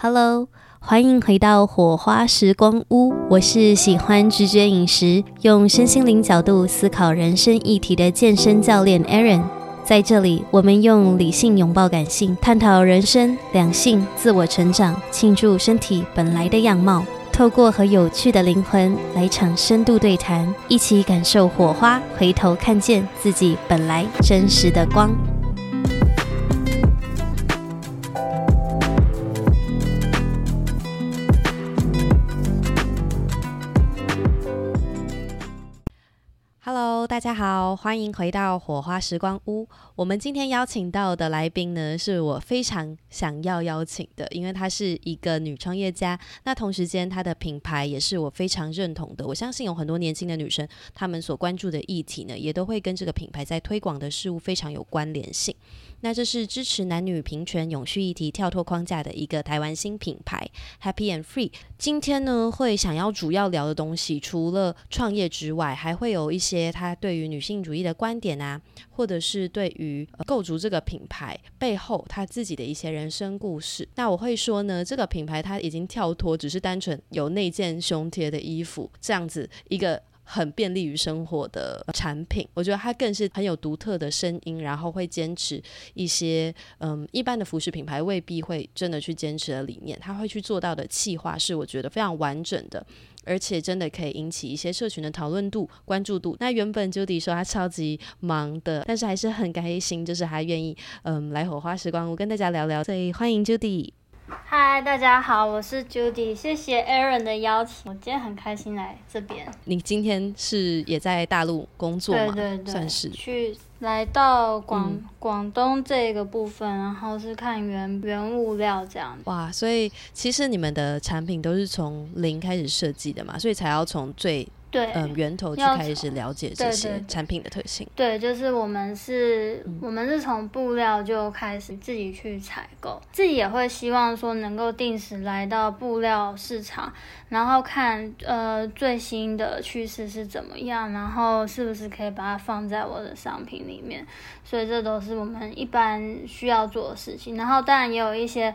Hello，歡迎回到火花拾光屋。我是喜歡直覺飲食、用身心靈角度思考人生議題的健身教練 Erin。在這裡，我們用理性擁抱感性，探討人生、兩性、自我成長，慶祝身體本來的樣貌，透過和有趣的靈魂來場深度對談，一起感受火花，回頭看見自己本來真實的光。大家好，歡迎回到火花拾光屋。我們今天邀請到的來賓呢，是我非常想要邀請的，因為她是一個女創業家。那同時間，她的品牌也是我非常認同的。我相信有很多年輕的女生，她們所關注的議題呢，也都會跟這個品牌在推廣的事物非常有關聯性。那這是支持男女平權、永續議題、跳脫框架的一個台灣新品牌，Happy and Free。今天呢，會想要主要聊的東西，除了創業之外，還會有一些他對於女性主義的觀點啊，或者是對於，呃，構築這個品牌背後他自己的一些人生故事。那我會說呢，這個品牌它已經跳脫，只是單純有內建胸貼的衣服這樣子一個。很便利於生活的產品，我覺得它更是很有獨特的聲音，然後會堅持一些嗯、一般的服飾品牌未必會真的去堅持的理念，他會去做到的企劃是我覺得非常完整的，而且真的可以引起一些社群的討論度、關注度。那原本 Judy 說她超級忙的，但是還是很開心，就是還願意嗯、來火花拾光屋，我跟大家聊聊。所以歡迎 Judy。嗨，Hi, 大家好，我是 Judy，謝謝 Erin 的邀請，我今天很開心來這邊。你今天是也在大陸工作嗎？對對對，算是去來到廣廣東這個部分，嗯、然後是看原原物料這樣的。哇，所以其實你們的產品都是從零開始設計的嘛，所以才要從最。對，嗯，源頭去開始了解這些產品的特性。對，對，對，對，就是我們是，嗯、我們是從布料就開始自己去採購，自己也會希望說能夠定時來到布料市場，然後看呃最新的趨勢是怎麼樣，然後是不是可以把它放在我的商品裡面。所以這都是我們一般需要做的事情。然後當然也有一些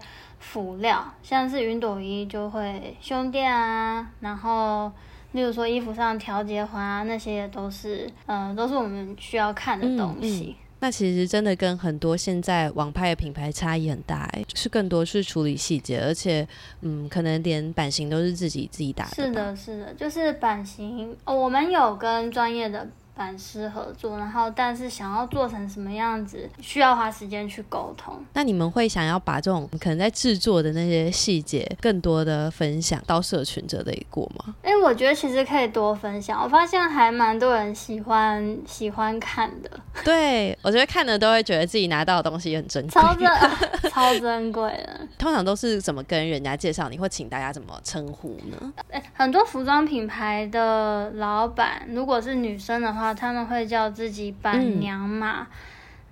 輔料，像是雲朵衣就會胸墊啊，然後。例如說衣服上調節環啊，那些都是，呃，都是我們需要看的東西。嗯嗯、那其實真的跟很多現在網拍的品牌差異很大，哎、就，是更多是處理細節，而且，嗯，可能連版型都是自己自己打的。是的，是的，就是版型，我們有跟專業的。粉絲合作，然後但是想要做成什麼樣子，需要花時間去溝通。那你們會想要把這種可能在制作的那些細節，更多的分享到社群這一過嗎？哎、欸，我覺得其實可以多分享。我發現還蠻多人喜歡喜歡看的。對，我覺得看了都會覺得自己拿到的東西也很珍貴，超珍貴的。通常都是怎麼跟人家介紹？你會請大家怎麼稱呼呢？哎、欸，很多服裝品牌的老板，如果是女生的話。啊，他們會叫自己板娘嘛，嗯、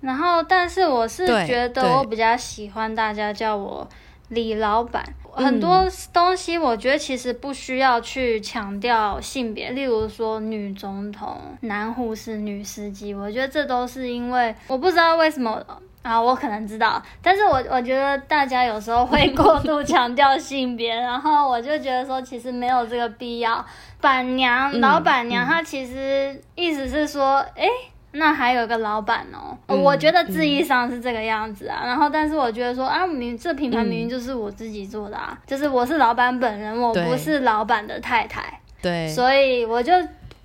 然後，但是我是覺得我比較喜歡大家叫我李老板。很多東西，我覺得其實不需要去強調性別，例如說女總統、男護士、女司機，我覺得這都是因為我不知道為什麼啊，我可能知道，但是我我覺得大家有時候會過度強調性別， 然後我就覺得說其實沒有這個必要。板娘、老板娘，她其實意思是說，哎、欸。那還有個老闆哦，嗯、我覺得字義上是這個樣子啊。嗯、然後，但是我覺得說啊，名，這品牌名就是我自己做的啊，嗯、就是我是老闆本人，我不是老闆的太太。對，所以我就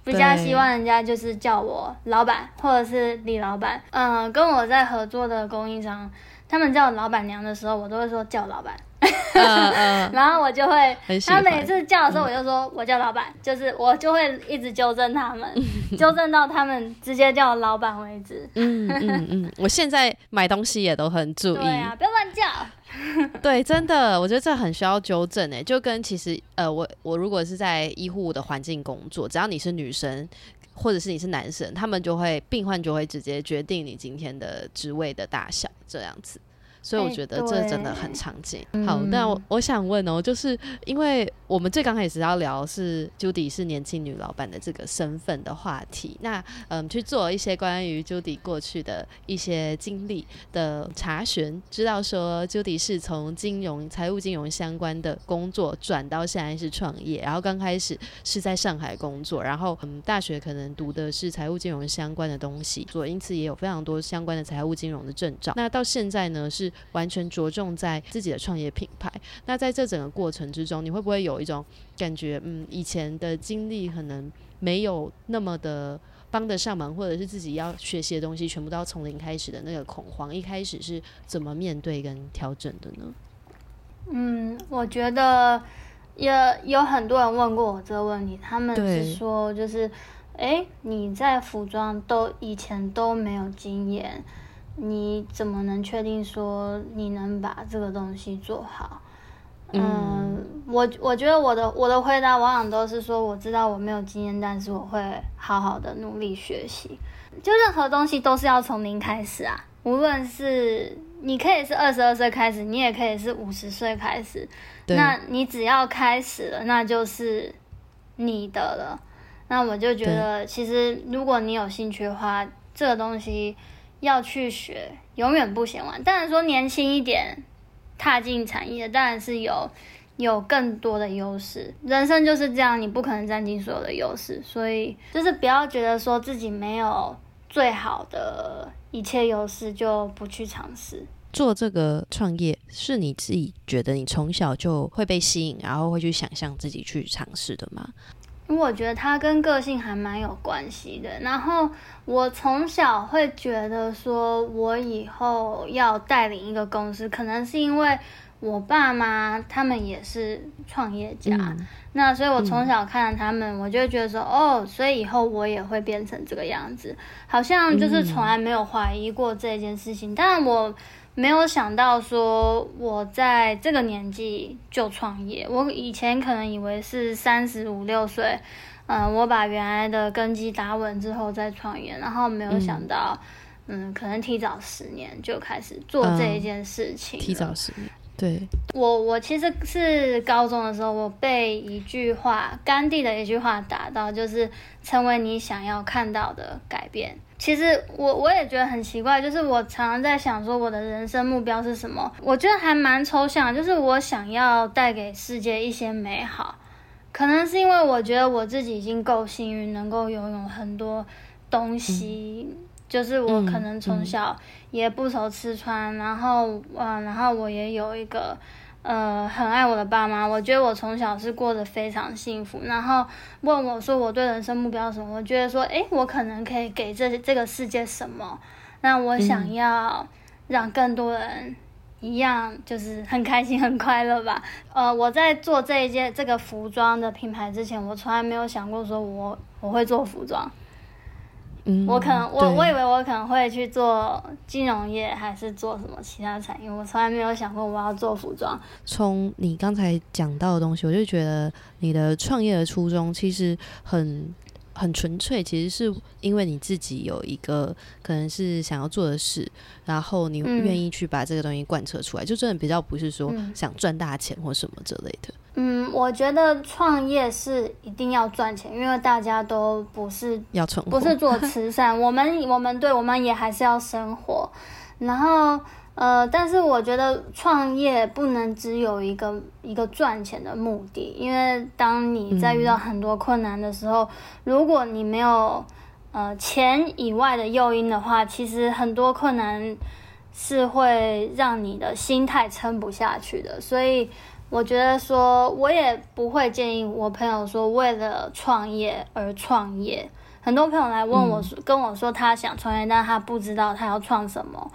比較希望人家就是叫我老闆，或者是李老闆。對嗯，跟我在合作的供應商，他們叫我老闆娘的時候，我都會說叫老闆。 uh, uh, 然後我就會，他每次叫的時候，我就說，我叫老闆，嗯、就是我就會一直糾正他們，糾 正到他們直接叫我老闆為止。嗯嗯嗯，我現在買東西也都很注意， 對呀、啊，不要亂叫。 對，真的，我覺得這很需要糾正哎、欸、就跟其實，呃，我我如果是在醫護的環境工作，只要你是女生，或者是你是男生，他們就會病患就會直接決定你今天的職位的大小，這樣子。所以我覺得這真的很常見。欸、好，那我，我想問哦，就是因為我們最剛開始要聊是 Judy 是年輕女老板的這個身份的話題。那嗯，去做一些關於 Judy 過去的一些經歷的查詢，知道說 Judy 是從金融、財務、金融相關的工作轉到現在是創業，然後剛開始是在上海工作，然後嗯，大學可能讀的是財務金融相關的東西，所以因此也有非常多相關的財務金融的證照。那到現在呢是。.完全着重在自己的創業品牌。那在這整個過程之中，你會不會有一種感覺？嗯，以前的經歷可能沒有那麼的幫得上忙，或者是自己要學習的東西全部都要從零開始的那個恐慌。一開始是怎麼面對跟調整的呢？嗯，我覺得也有，有很多人問過我這個問題，他們是說，就是哎對，你在服裝都以前都沒有經驗。你怎麼能確定說你能把這個東西做好？嗯，呃、我我覺得我的我的回答往往都是說，我知道我沒有經驗，但是我會好好的努力學習。就任何東西都是要從零開始啊，無論是你可以是二十二歲開始，你也可以是五十歲開始。對那你只要開始了，那就是你的了。那我就覺得，對其實如果你有興趣的話，這個東西。要去學，永遠不嫌晚。當然說年輕一點，踏進產業當然是有有更多的優勢。人生就是這樣，你不可能占盡所有的優勢，所以就是不要覺得說自己沒有最好的一切優勢就不去嘗試。做這個創業是你自己覺得你從小就會被吸引，然後會去想象自己去嘗試的嗎？因為我覺得他跟個性還蠻有關係的。然後我從小會覺得說，我以後要帶領一個公司，可能是因為我爸媽他們也是創業家。嗯、那所以，我從小看到他們，我就會覺得說，嗯、哦，所以以後我也會變成這個樣子，好像就是從來沒有懷疑過這件事情。嗯、但我。沒有想到說，我在這個年紀就創業。我以前可能以為是三十五六歲，嗯，我把原來的根基打穩之後再創業。然後沒有想到，嗯，嗯，可能提早十年就開始做這一件事情。嗯。提早十年，對，我，我其實是高中的時候，我被一句話，甘地的一句話打到，就是成為你想要看到的改變。其實我我也覺得很奇怪，就是我常常在想說我的人生目標是什麼？我覺得還蠻抽象，就是我想要帶給世界一些美好。可能是因為我覺得我自己已經夠幸運，能夠擁有很多東西，嗯、就是我可能從小也不愁吃穿，嗯嗯、然後嗯、啊，然後我也有一個。呃，很愛我的爸媽，我覺得我從小是過得非常幸福。然後問我說我對人生目標什麼？我覺得說，哎，我可能可以給這這個世界什麼？那我想要讓更多人一樣，就是很開心很快樂吧。呃，我在做這一件這個服裝的品牌之前，我從來沒有想過說我我會做服裝。嗯、我可能我對我以為我可能會去做金融業，還是做什麼其他產業，我從來沒有想過我要做服裝。從你剛才講到的東西，我就覺得你的創業的初衷其實很。很純粹，其實是因為你自己有一個可能是想要做的事，然後你願意去把這個東西貫徹出來，嗯、就真的比較不是說想賺大錢或什麼之類的。嗯，我覺得創業是一定要賺錢，因為大家都不是要成功，不是做慈善， 我們我們對我們也還是要生活，然後。呃，但是我覺得創業不能只有一個一個賺錢的目的，因為當你在遇到很多困難的時候，嗯、如果你沒有呃錢以外的誘因的話，其實很多困難是會讓你的心態撐不下去的。所以我覺得說，我也不會建議我朋友說為了創業而創業。很多朋友來問我，說、嗯，跟我說他想創業，但他不知道他要創什麼。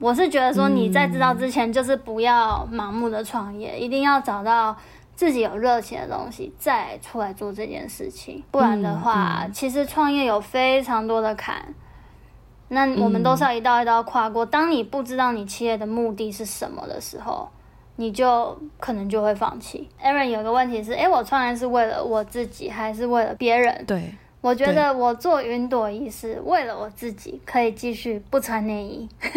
我是覺得說你在知道之前，就是不要盲目的創業，嗯、一定要找到自己有熱情的東西，再出來做這件事情。不然的話，嗯嗯、其實創業有非常多的坎，那我們都是要一道一道跨過。嗯、當你不知道你企業的目的是什麼的時候，你就可能就會放棄。Erin 有個問題是：誒、欸，我創業是為了我自己，還是為了別人？對。我覺得我做雲朵衣是為了我自己可以繼續不穿內衣，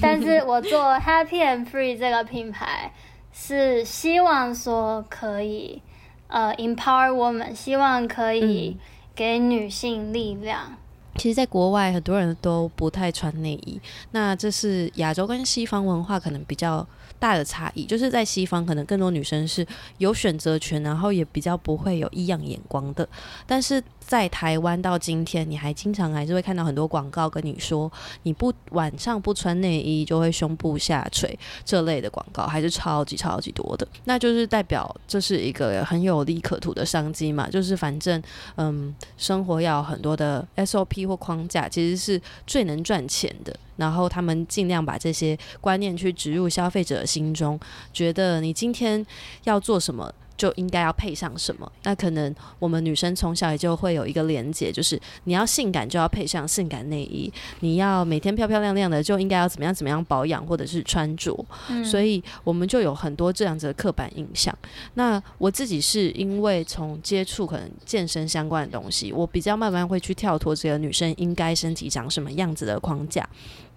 但是我做 Happy and Free 這個品牌是希望說可以呃 Empower Woman，希望可以給女性力量。其實，在國外很多人都不太穿內衣，那這是亞洲跟西方文化可能比較大的差異。就是在西方，可能更多女生是有選擇權，然後也比較不會有異樣眼光的，但是。在台灣到今天，你還經常還是會看到很多廣告跟你說，你不晚上不穿內衣就會胸部下垂這類的廣告，還是超級超級多的。那就是代表這是一個很有利可圖的商機嘛，就是反正嗯，生活要很多的 SOP 或框架，其實是最能賺錢的。然後他們盡量把這些觀念去植入消費者心中，覺得你今天要做什麼。就應該要配上什麼？那可能我們女生從小也就會有一個連結，就是你要性感就要配上性感內衣，你要每天漂漂亮亮的就應該要怎麼樣怎麼樣保養或者是穿着，嗯、所以我們就有很多這樣子的刻板印象。那我自己是因為從接觸可能健身相關的東西，我比較慢慢會去跳脫這個女生應該身體長什麼樣子的框架。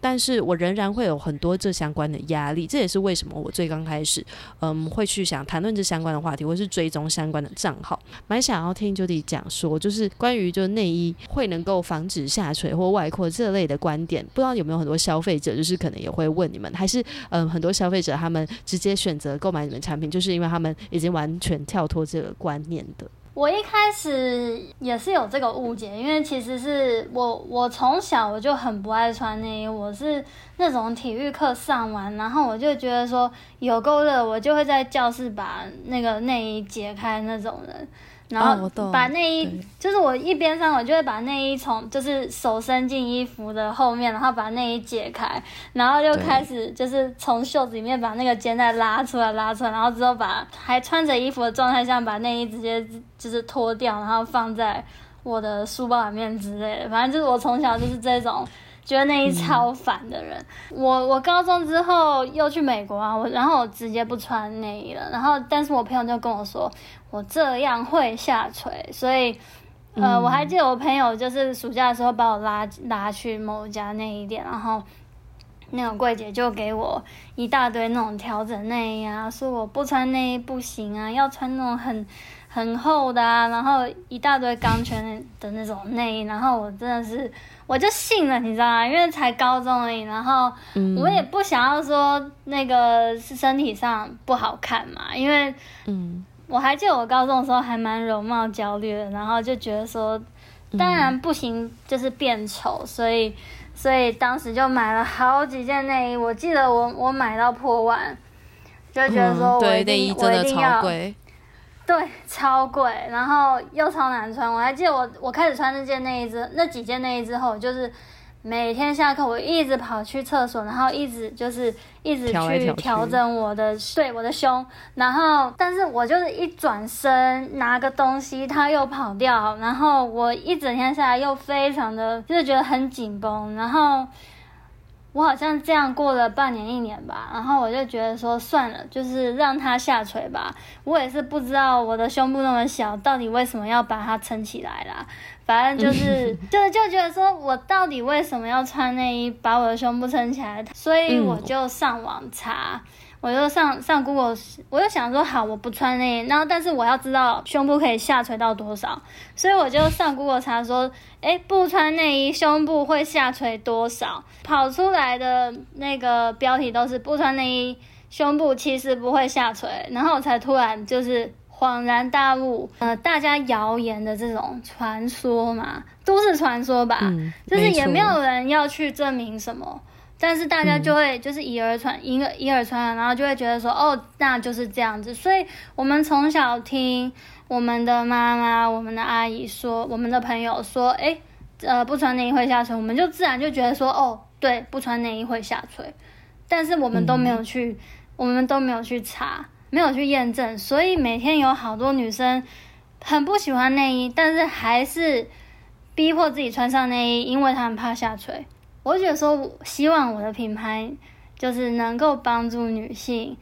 但是我仍然會有很多這相關的壓力，這也是為什麼我最剛開始，嗯，會去想談論這相關的話題，或是追蹤相關的賬號，蠻想要聽 Judy 講說，就是關於就是內衣會能夠防止下垂或外擴這類的觀點，不知道有沒有很多消費者，就是可能也會問你們，還是嗯，很多消費者他們直接選擇購買你們產品，就是因為他們已經完全跳脫這個觀念的。我一開始也是有這個誤解，因為其實是我我從小我就很不愛穿內衣，我是那種體育課上完，然後我就覺得說有夠熱，我就會在教室把那個內衣解開那種人。然後把內衣，就是我一邊上，我就會把內衣從就是手伸進衣服的後面，然後把內衣解開，然後就開始就是從袖子裡面把那個肩帶拉出來，拉出來，然後之後把還穿着衣服的狀態下把內衣直接就是脫掉，然後放在我的書包裡面之類的。反正就是我從小就是這種。覺得內衣超煩的人，嗯、我我高中之後又去美國啊，我然後我直接不穿內衣了，然後但是我朋友就跟我說，我這樣會下垂，所以呃、嗯、我還記得我朋友就是暑假的時候把我拉拉去某家內衣店，然後那個櫃姐就給我一大堆那種調整內衣啊，說我不穿內衣不行啊，要穿那種很很厚的啊，然後一大堆鋼圈的那種內衣，然後我真的是。我就信了，你知道嗎？因為才高中而已，然後我也不想要說那個是身體上不好看嘛，嗯、因為嗯，我還記得我高中的時候還蠻容貌焦慮的，然後就覺得說，當然不行，就是變醜，嗯、所以所以當時就買了好幾件內衣，我記得我我買到破萬，就覺得說我一定、嗯，對內衣真的超貴。對，超貴，然後又超難穿。我還記得我我開始穿那件內衣之那幾件內衣之後，就是每天下課，我一直跑去廁所，然後一直就是一直去調整我的挑挑對我的胸。然後，但是我就是一轉身拿個東西，它又跑掉。然後我一整天下來又非常的，就是覺得很緊繃。然後。我好像這樣過了半年一年吧，然後我就覺得說算了，就是讓它下垂吧。我也是不知道我的胸部那麼小，到底為什麼要把它撐起來啦？反正就是 就是就覺得說我到底為什麼要穿內衣把我的胸部撐起來？所以我就上網查。我就上上 Google，我就想說好，我不穿內衣，然後但是我要知道胸部可以下垂到多少，所以我就上 Google 查說，誒，不穿內衣胸部會下垂多少？跑出來的那個標題都是不穿內衣胸部其實不會下垂，然後我才突然就是恍然大悟，呃，大家謠言的這種傳說嘛，都是傳說吧，嗯，就是也沒有人要去證明什麼。但是大家就會就是以耳傳一個以耳傳，然後就會覺得說哦，那就是這樣子。所以我們從小聽我們的媽媽、我們的阿姨說，我們的朋友說，誒、欸，呃，不穿內衣會下垂，我們就自然就覺得說，哦，對，不穿內衣會下垂。但是我們都沒有去，嗯嗯，我們都沒有去查，沒有去驗證。所以每天有好多女生很不喜歡內衣，但是還是逼迫自己穿上內衣，因為她們怕下垂。我覺得說，希望我的品牌就是能夠幫助女性，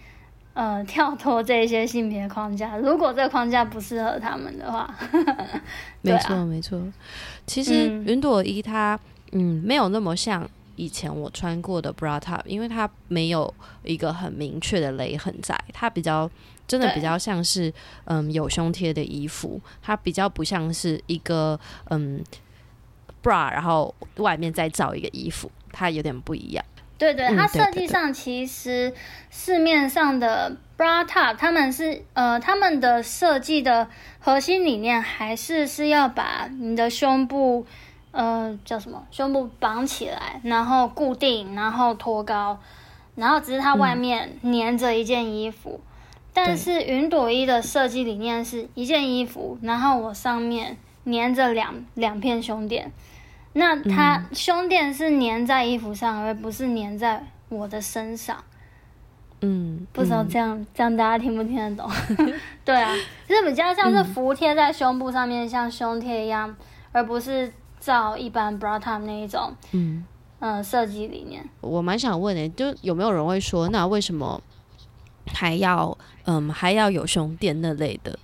呃，跳脫這些性別框架。如果這個框架不適合她們的話，呵呵、對啊、沒錯沒錯。其實、嗯、雲朵衣它，嗯，沒有那麼像以前我穿過的 bra top，因為它沒有一個很明確的勒痕在，它比較真的比較像是，對嗯，有胸貼的衣服，它比較不像是一個，嗯。bra，然後外面再罩一個衣服，它有點不一樣。對對，它設計上其實市面上的 bra top，他們是呃他們的設計的核心理念還是是要把你的胸部呃叫什麼胸部綁起來，然後固定，然後托高，然後只是它外面粘着一件衣服。嗯、但是雲朵衣的設計理念是一件衣服，對然後我上面粘着兩兩片胸墊。那它胸墊是粘在衣服上，而不是粘在我的身上。嗯，不知道這樣、嗯、這樣大家聽不聽得懂？ 對啊，就是比較像是服貼在胸部上面，像胸貼一樣，嗯、而不是照一般 bra top 那一種。嗯，設計、呃、理念。我蠻想問的、欸，就有沒有人會說，那為什麼還要嗯還要有胸墊那類的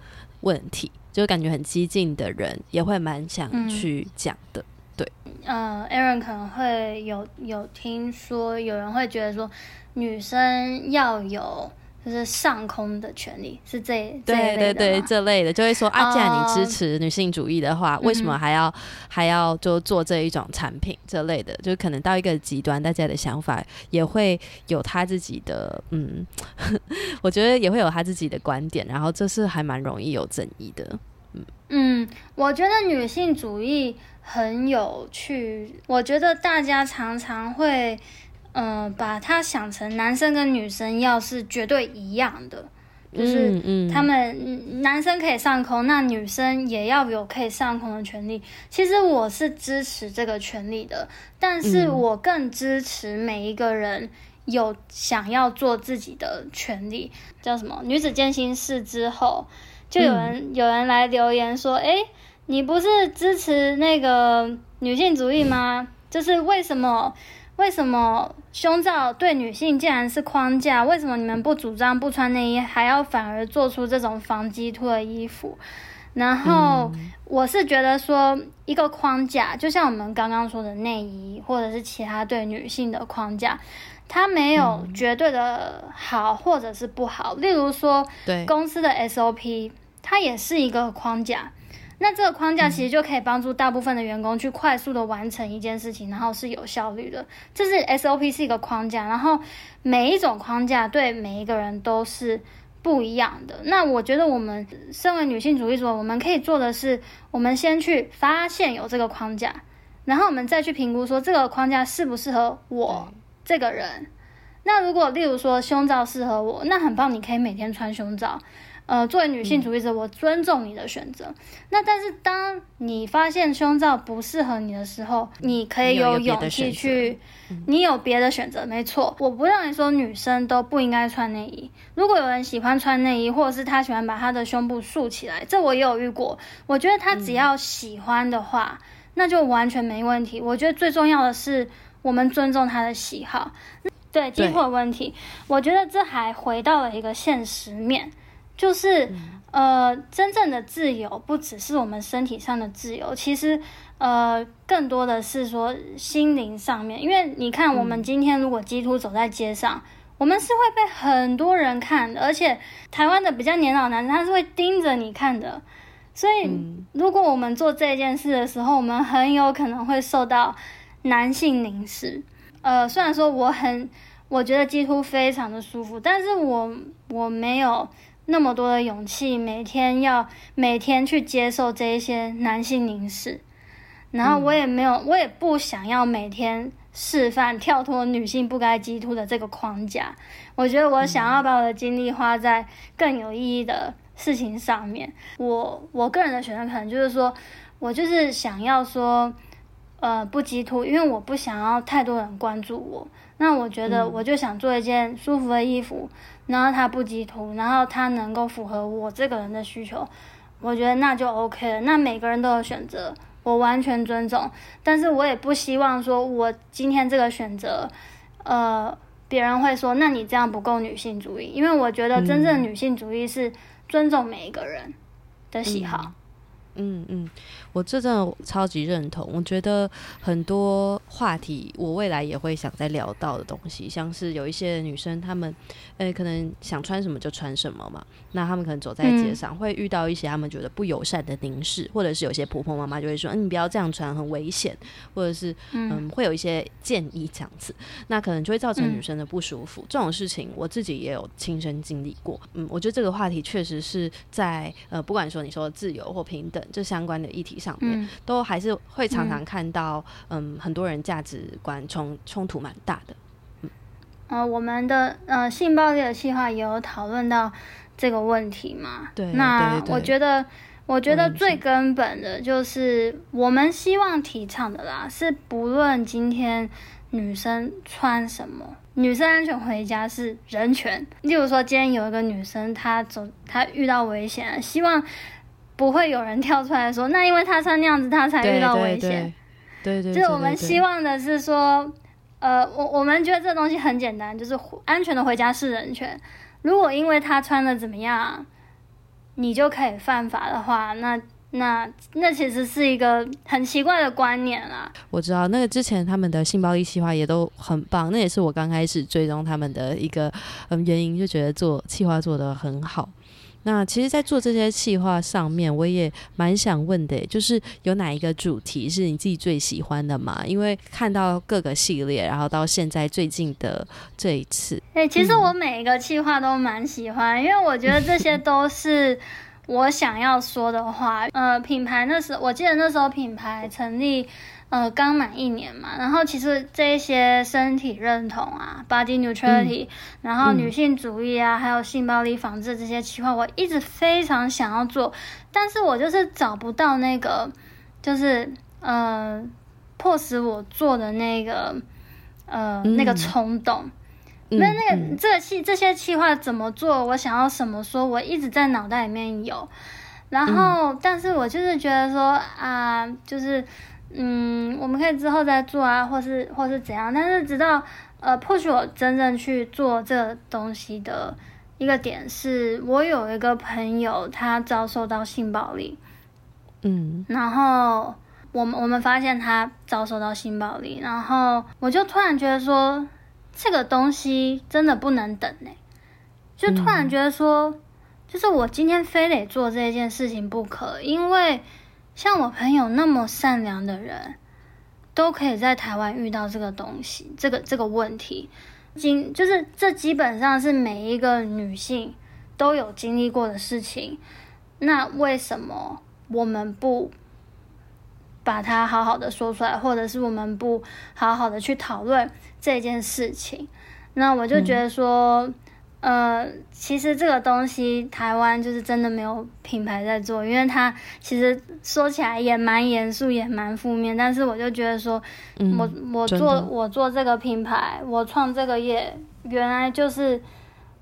問題？就感覺很激進的人也會蠻想去講的。嗯對，呃，Erin 可能會有有聽說，有人會覺得說，女生要有就是上空的權利，是這這類的。對對對，這類的就會說，啊，既然你支持女性主義的話，呃、為什麼還要、嗯、哼還要就做這一種產品？這類的，就是可能到一個極端，大家的想法也會有他自己的，嗯， 我覺得也會有他自己的觀點。然後這是還蠻容易有爭議的，嗯嗯，我覺得女性主義。很有趣，我覺得大家常常會，嗯、呃、把它想成男生跟女生要是絕對一樣的，嗯、就是他們、嗯、男生可以上空，那女生也要有可以上空的權利。其實我是支持這個權利的，但是我更支持每一個人有想要做自己的權利。嗯、叫什麼？女子健心事之後，就有人、嗯、有人來留言說，哎。你不是支持那個女性主義嗎？嗯、就是為什麼為什麼胸罩對女性竟然是框架？為什麼你們不主張不穿內衣，還要反而做出這種防激凸的衣服？然後、嗯、我是覺得說，一個框架，就像我們剛剛說的內衣，或者是其他對女性的框架，它沒有絕對的好或者是不好。例如說，對公司的 SOP，它也是一個框架。那這個框架其實就可以幫助大部分的員工去快速的完成一件事情，然後是有效率的。這是 SOP 是一個框架，然後每一種框架對每一個人都是不一樣的。那我覺得我們身為女性主義者，我們可以做的是，我們先去發現有這個框架，然後我們再去評估說這個框架適不適合我這個人。那如果例如說胸罩適合我，那很棒，你可以每天穿胸罩。呃，作為女性主義者，嗯、我尊重你的選擇。那但是，當你發現胸罩不適合你的時候，你可以有勇氣去，你有，嗯、你有別的選擇，沒錯。我不認為說女生都不應該穿內衣。如果有人喜歡穿內衣，或者是他喜歡把他的胸部豎起來，這我也有遇過。我覺得他只要喜歡的話，嗯、那就完全沒問題。我覺得最重要的是，我們尊重他的喜好。對，這個問題，對我覺得這還回到了一個現實面。就是、嗯、呃，真正的自由不只是我們身體上的自由，其實呃，更多的是說心靈上面。因為你看，我們今天如果基 t 走在街上，嗯、我們是會被很多人看，的，而且台灣的比較年老男人他是會盯着你看的。所以，如果我們做這件事的時候，我們很有可能會受到男性凝視。呃，雖然說我很我覺得基 t 非常的舒服，但是我我沒有。那麼多的勇氣，每天要每天去接受這一些男性凝視，然後我也沒有，嗯、我也不想要每天示範跳脫女性不該激凸的這個框架。我覺得我想要把我的精力花在更有意義的事情上面。嗯、我我個人的選擇可能就是說，我就是想要說，呃，不激凸，因為我不想要太多人關注我。那我覺得，我就想做一件舒服的衣服，嗯、然後它不激凸，然後它能夠符合我這個人的需求，我覺得那就 OK 了。那每個人都有選擇，我完全尊重，但是我也不希望說我今天這個選擇，呃，別人會說那你這樣不夠女性主義，因為我覺得真正女性主義是尊重每一個人的喜好。嗯嗯，嗯，我這真的超級認同，我覺得很多。話題，我未來也會想再聊到的東西，像是有一些女生，她們，呃、欸，可能想穿什麼就穿什麼嘛，那她們可能走在街上會遇到一些她們覺得不友善的凝視，嗯、或者是有些婆婆媽媽就會說，嗯，你不要這樣穿，很危險，或者是，嗯，嗯會有一些建議這樣子，那可能就會造成女生的不舒服。嗯、這種事情我自己也有親身經歷過，嗯，我覺得這個話題確實是在，呃，不管說你說的自由或平等這相關的議題上面，嗯、都還是會常常看到，嗯，嗯，很多人。價值觀衝衝突蠻大的，嗯，呃，我們的呃性暴力的企劃也有討論到這個問題嘛。對，那我覺得，對對對，我覺得最根本的就是我們希望提倡的啦，是不論今天女生穿什麼，女生安全回家是人權。例如說，今天有一個女生她走，她遇到危險，希望不會有人跳出來說，那因為她穿那樣子，她才遇到危險。對對對對對，對，對就是我們希望的是說，對對對對呃，我我們覺得這東西很簡單，就是安全的回家是人權。如果因為他穿的怎麼樣，你就可以犯法的話，那那那其實是一個很奇怪的觀念啦。我知道，那個之前他們的性暴力企劃也都很棒，那也是我剛開始追蹤他們的一個嗯原因，就覺得做企劃做得很好。那其實，在做這些企劃上面，我也蠻想問的，就是有哪一個主題是你自己最喜歡的嘛？因為看到各個系列，然後到現在最近的這一次，哎、欸，其實我每一個企劃都蠻喜歡，嗯、因為我覺得這些都是我想要說的話。 呃，品牌那時，我記得那時候品牌成立，呃，剛滿一年嘛，然後其實這一些身體認同啊，body neutrality，嗯、然後女性主義啊，嗯、還有性暴力防治這些企劃，我一直非常想要做，但是我就是找不到那個，就是呃，迫使我做的那個，呃，嗯、那個衝動。那、嗯嗯、那個這個這些企劃怎麼做？我想要什麼？說，我一直在腦袋裡面有，然後，嗯、但是我就是覺得說啊、呃，就是。嗯，我們可以之後再做啊，或是或是怎樣。但是直到呃，迫使我真正去做這東西的一個點是，是我有一個朋友他遭受到性暴力，嗯，然後我們我們發現他遭受到性暴力，然後我就突然覺得說，這個東西真的不能等呢、欸，就突然覺得說，嗯、就是我今天非得做這件事情不可，因為。像我朋友那麼善良的人，都可以在台灣遇到這個東西，這個這個問題，就就是這基本上是每一個女性都有經歷過的事情。那為什麼我們不把它好好的說出來，或者是我們不好好的去討論這件事情？那我就覺得說。嗯呃，其實這個東西，台灣就是真的沒有品牌在做，因為它其實說起來也蠻嚴肅，也蠻負面。但是我就覺得說，嗯、我我做的我做這個品牌，我創這個業，原來就是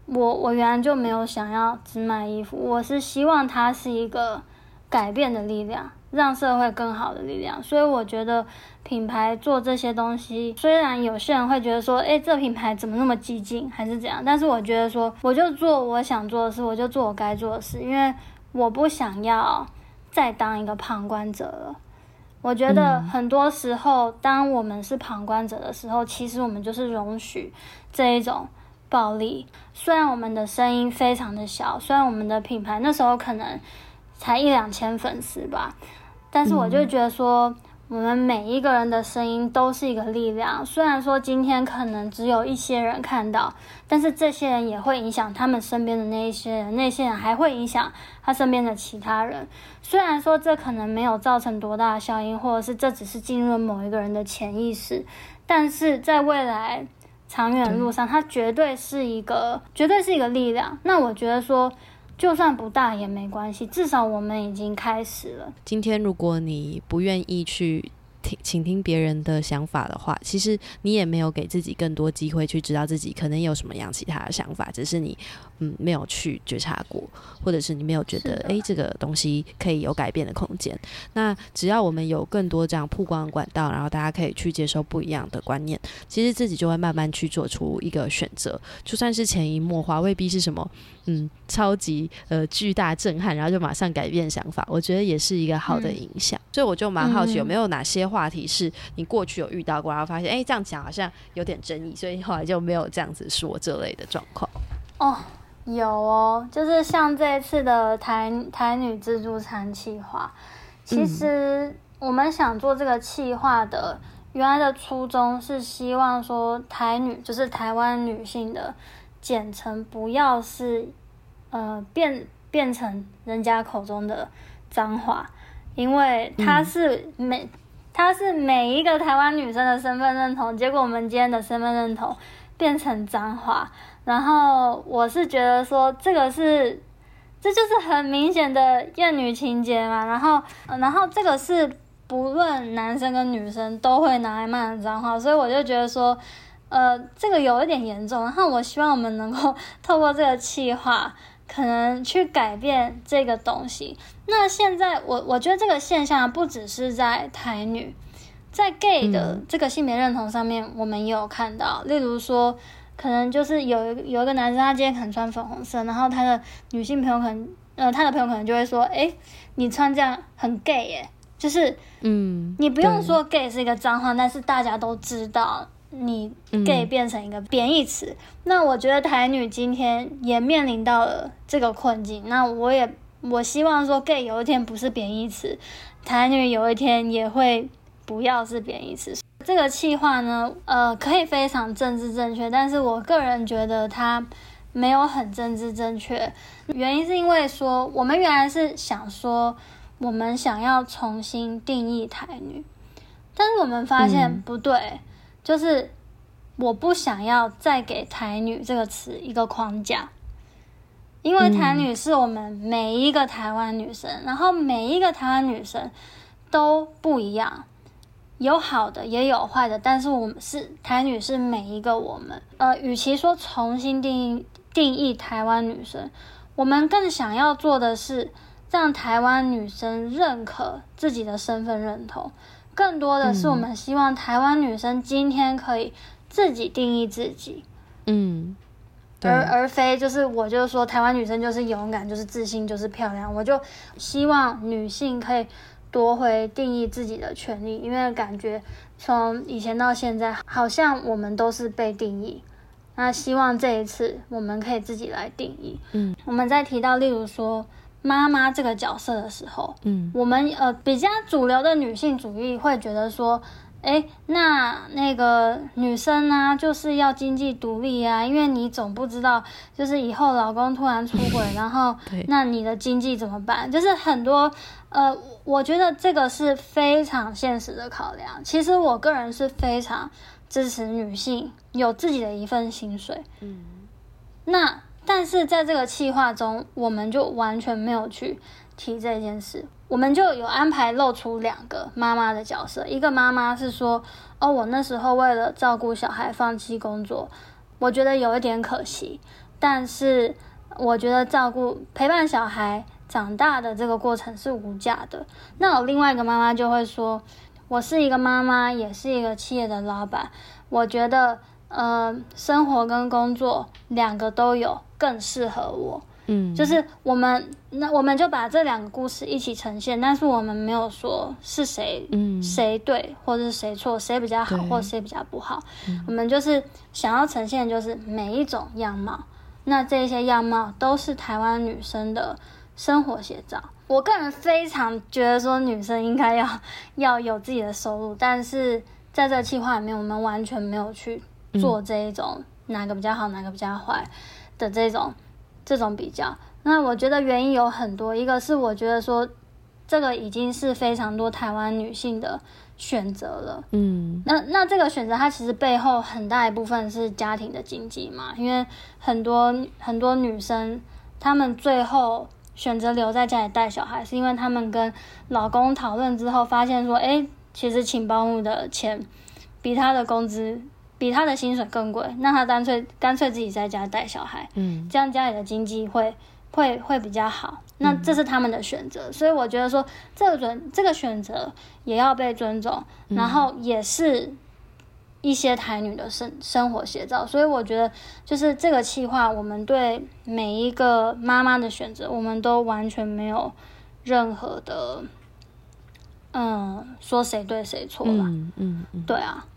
我我原來就沒有想要只賣衣服，我是希望它是一個改變的力量。讓社會更好的力量，所以我覺得品牌做這些東西，雖然有些人會覺得說，誒，這品牌怎麼那麼激進，還是怎樣，但是我覺得說，我就做我想做的事，我就做我該做的事，因為我不想要再當一個旁觀者了。我覺得很多時候，當我們是旁觀者的時候，其實我們就是容許這一種暴力。雖然我們的聲音非常的小，雖然我們的品牌那時候可能才一兩千粉絲吧。但是我就覺得說，我們每一個人的聲音都是一個力量。雖然說今天可能只有一些人看到，但是這些人也會影響他們身邊的那一些人，那些人還會影響他身邊的其他人。雖然說這可能沒有造成多大的效應，或者是這只是進入了某一個人的潛意識，但是在未來長遠路上，它絕對是一個，絕對是一個力量。那我覺得說。就算不大也沒關係，至少我們已經開始了。今天，如果你不願意去聽、傾聽別人的想法的話，其實你也沒有給自己更多機會去知道自己可能有什麼樣其他的想法，只是你。嗯，沒有去覺察過，或者是你沒有覺得，哎的，這個東西可以有改變的空間。那只要我們有更多這樣曝光的管道，然後大家可以去接受不一樣的觀念，其實自己就會慢慢去做出一個選擇。就算是潛移默化，未必是什麼嗯超級呃巨大震撼，然後就馬上改變想法，我覺得也是一個好的影響。嗯、所以我就蠻好奇，有沒有哪些話題是你過去有遇到過，嗯、然後發現哎這樣講好像有點爭議，所以後來就沒有這樣子說這類的狀況哦？有哦，就是像這一次的台台女自助餐企劃，嗯、其實我們想做這個企劃的原來的初衷是希望說台女就是台灣女性的簡稱，不要是呃變變成人家口中的髒話，因為她是每她、嗯、是每一個台灣女生的身份認同，結果我們今天的身份認同變成髒話。然後我是覺得說這個是，這就是很明顯的厭女情結嘛。然後，然後這個是不論男生跟女生都會拿來罵的髒話，所以我就覺得說，呃，這個有一點嚴重。然後我希望我們能夠透過這個企劃，可能去改變這個東西。那現在我我覺得這個現象不只是在台女，在 gay 的這個性別認同上面，我們也有看到，例如說。可能就是有一有一個男生，他今天可能穿粉紅色，然後他的女性朋友可能，呃，他的朋友可能就會說，誒、欸，你穿這樣很 gay 耶，欸，就是，嗯，你不用說 gay 是一個髒話，嗯、但是大家都知道你 gay 變成一個貶義詞。嗯、那我覺得台女今天也面臨到了這個困境，那我也我希望說 gay 有一天不是貶義詞，台女有一天也會不要是貶義詞。這個企劃呢，呃，可以非常政治正確，但是我個人覺得它沒有很政治正確。原因是因為說，我們原來是想說，我們想要重新定義台女，但是我們發現不對，嗯、就是我不想要再給台女這個詞一個框架，因為台女是我們每一個台灣女生，然後每一個台灣女生都不一樣。有好的，也有壞的，但是我們是台女，是每一個我們。呃，與其說重新定義定義台灣女生，我們更想要做的是讓台灣女生認可自己的身份認同。更多的是，我們希望台灣女生今天可以自己定義自己。嗯，而對而非就是我就是說，台灣女生就是勇敢，就是自信，就是漂亮。我就希望女性可以。奪回定義自己的權利，因為感覺從以前到現在，好像我們都是被定義。那希望這一次我們可以自己來定義。嗯，我們在提到，例如說媽媽這個角色的時候，嗯，我們呃比較主流的女性主義會覺得說，哎，那那個女生呢、啊，就是要經濟獨立啊，因為你總不知道，就是以後老公突然出軌， 然後那你的經濟怎麼辦？就是很多。呃，我覺得這個是非常現實的考量。其實我個人是非常支持女性有自己的一份薪水。嗯，那但是在這個企劃中，我們就完全沒有去提這件事。我們就有安排露出兩個媽媽的角色，一個媽媽是說，哦，我那時候為了照顧小孩放棄工作，我覺得有一點可惜。但是我覺得照顧陪伴小孩。長大的這個過程是無價的。那我另外一個媽媽就會說：“我是一個媽媽，也是一個企業的老闆。我覺得，呃，生活跟工作兩個都有更適合我。”嗯，就是我們那我們就把這兩個故事一起呈現，但是我們沒有說是誰，嗯，誰對，或者是誰錯，誰比較好，對或者誰比較不好。嗯，我們就是想要呈現，就是每一種樣貌。那這些樣貌都是台灣女生的。生活寫照，我個人非常覺得說，女生應該要要有自己的收入。但是在這企劃裡面，我們完全沒有去做這一種、嗯、哪個比較好，哪個比較壞的這種這種比較。那我覺得原因有很多，一個是我覺得說，這個已經是非常多台灣女性的選擇了。嗯，那那這個選擇，它其實背後很大一部分是家庭的經濟嘛，因為很多很多女生她們最後。選擇留在家裡帶小孩，是因為他們跟老公討論之後，發現說，哎、欸，其實請保姆的錢比他的工資、比他的薪水更貴，那他乾脆乾脆自己在家帶小孩，嗯，這樣家裡的經濟會會會比較好。那這是他們的選擇，嗯、所以我覺得說這個准這個選擇也要被尊重，然後也是。嗯一些台女的生生活寫照，所以我覺得就是這個企劃，我們對每一個媽媽的選擇，我們都完全沒有任何的，嗯，說誰對誰錯吧。嗯，嗯嗯對啊。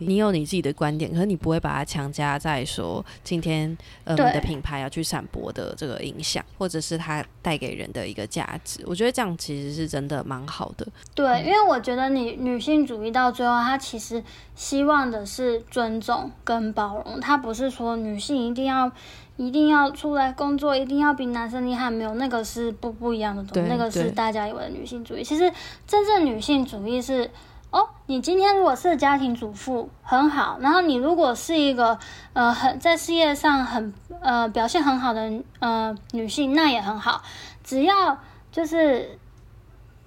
你有你自己的觀點，可是你不會把它強加在說今天對呃你的品牌要去散播的這個影響，或者是它帶給人的一個價值。我覺得這樣其實是真的蠻好的。對，因為我覺得你女性主義到最後，她其實希望的是尊重跟包容，她不是說女性一定要一定要出來工作，一定要比男生厲害。沒有，那個是不不一樣的東西，對那個是大家以為的女性主義。對其實真正女性主義是，哦，你今天如果是家庭主婦，很好。然後你如果是一個，呃，很在事業上很呃表現很好的呃女性，那也很好。只要就是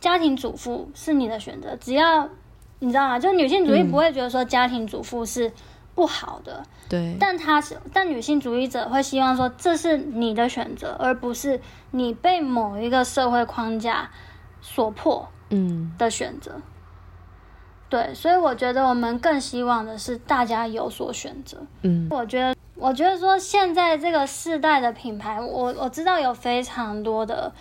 家庭主婦是你的選擇，只要你知道嗎、啊，就女性主義不會覺得說家庭主婦是不好的，嗯、對。但她是，但女性主義者會希望說，這是你的選擇，而不是你被某一個社會框架所迫嗯的選擇。嗯對，所以我覺得我們更希望的是大家有所選擇。嗯，我覺得，我覺得說現在這個世代的品牌，我我知道有非常多的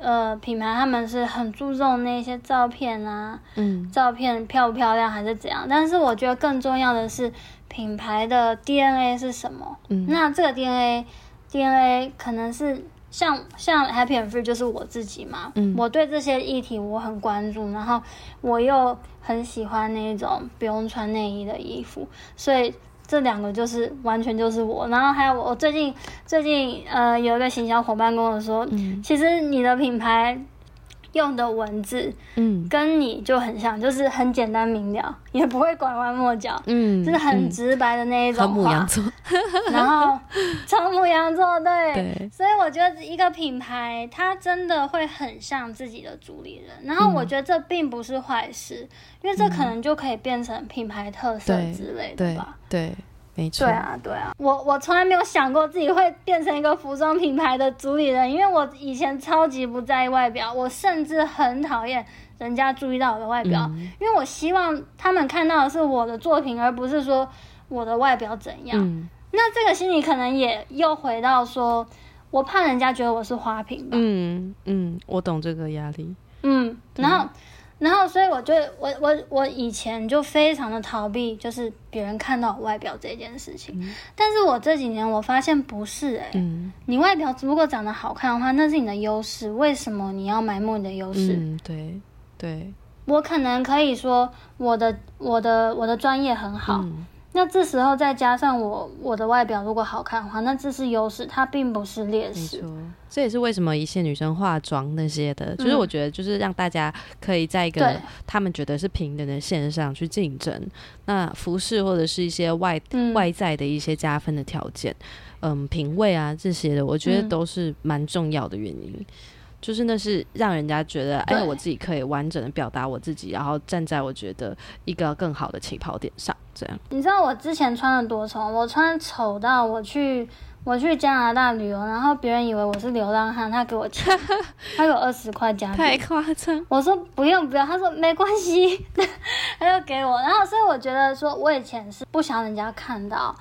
呃品牌，他們是很注重那些照片啊，嗯，照片漂不漂亮還是怎樣。但是我覺得更重要的是品牌的 DNA 是什麼。嗯，那這個 DNA，DNA 可能是。像像 Happy and Free 就是我自己嘛，嗯、我對這些議題我很關注，然後我又很喜歡那種不用穿內衣的衣服，所以這兩個就是完全就是我。然後還有我最近最近呃有一個行銷夥伴跟我說，嗯、其實你的品牌。用的文字，嗯，跟你就很像，就是很簡單明了，也不會拐彎抹角，嗯，就是很直白的那一種話。嗯、 然後，從牧羊座對，對所以我覺得一個品牌，它真的會很像自己的主理人。然後，我覺得這並不是壞事，嗯、因為這可能就可以變成品牌特色之類的對吧。對。沒錯，對啊，對啊，我我從來沒有想過自己會變成一個服裝品牌的主理人，因為我以前超級不在意外表，我甚至很討厭人家注意到我的外表，嗯、因為我希望他們看到的是我的作品，而不是說我的外表怎樣。嗯、那這個心理可能也又回到說，我怕人家覺得我是花瓶吧？嗯嗯，我懂這個壓力。嗯，然後。嗯然後，所以我就我我我以前就非常的逃避，就是別人看到我外表這件事情。嗯、但是我這幾年我發現不是哎、欸，嗯、你外表如果長得好看的話，那是你的優勢。為什麼你要埋沒你的優勢？對、嗯、對。對，我可能可以說我，我的我的我的專業很好。嗯那這時候再加上我我的外表如果好看的話，那這是優勢，它並不是劣勢。這也是為什麼一些女生化妝那些的，嗯、就是我覺得就是讓大家可以在一個對他們覺得是平等的線上去競爭。那服飾或者是一些外、嗯、外在的一些加分的條件，嗯，品味啊這些的，我覺得都是蠻重要的原因。嗯、就是那是讓人家覺得，哎對、欸，我自己可以完整的表達我自己，然後站在我覺得一個更好的起跑點上。你知道我之前穿了多醜？我穿醜到我去我去加拿大旅遊，然後別人以為我是流浪漢，他給我錢，他有二十塊加， 太誇張。我說不用不用，他說沒關係， 他就給我。然後所以我覺得說，我以前是不想人家看到，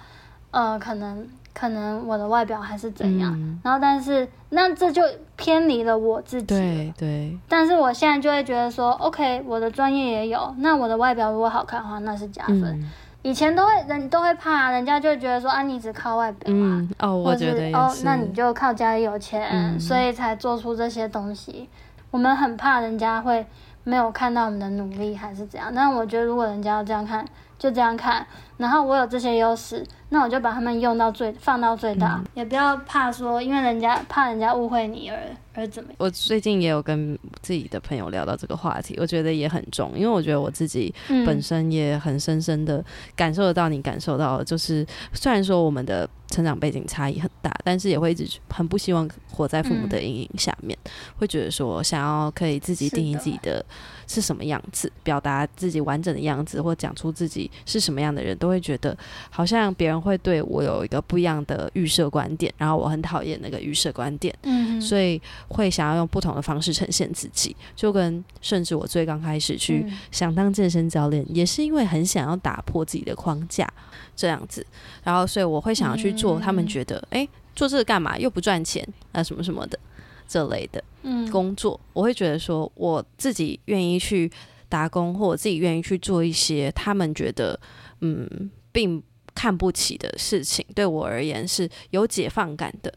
呃，可能可能我的外表還是怎樣。嗯、然後但是那這就偏離了我自己對。對對。但是我現在就會覺得說，OK，我的專業也有，那我的外表如果好看的話，那是加分。嗯以前都會人都會怕、啊，人家就會覺得說啊，你只靠外表啊、嗯，哦，或是我覺得也是。哦，那你就靠家裡有錢，嗯、所以才做出這些東西。我們很怕人家會沒有看到我們的努力還是怎樣。但我覺得如果人家要這樣看，就這樣看。然後我有這些優勢。那我就把他們用到最，放到最大，嗯、也不要怕說，因為人家怕人家誤會你而而怎麼樣。我最近也有跟自己的朋友聊到這個話題，我覺得也很重，因為我覺得我自己本身也很深深的感受得到你、嗯、感受到的，就是雖然說我們的成長背景差異很大，但是也會一直很不希望活在父母的陰影下面，嗯、會覺得說想要可以自己定義自己的。是什麼樣子？表達自己完整的樣子，或講出自己是什麼樣的人，都會覺得好像別人會對我有一個不一樣的預設觀點，然後我很討厭那個預設觀點，嗯哼，所以會想要用不同的方式呈現自己，就跟甚至我最剛開始去想當健身教練，嗯、也是因為很想要打破自己的框架這樣子，然後所以我會想要去做，嗯、哼他們覺得哎、欸，做這個幹嘛？又不賺錢啊，什麼什麼的。這類的工作，嗯、我會覺得說，我自己願意去打工，或我自己願意去做一些他們覺得嗯，並看不起的事情。對我而言是有解放感的。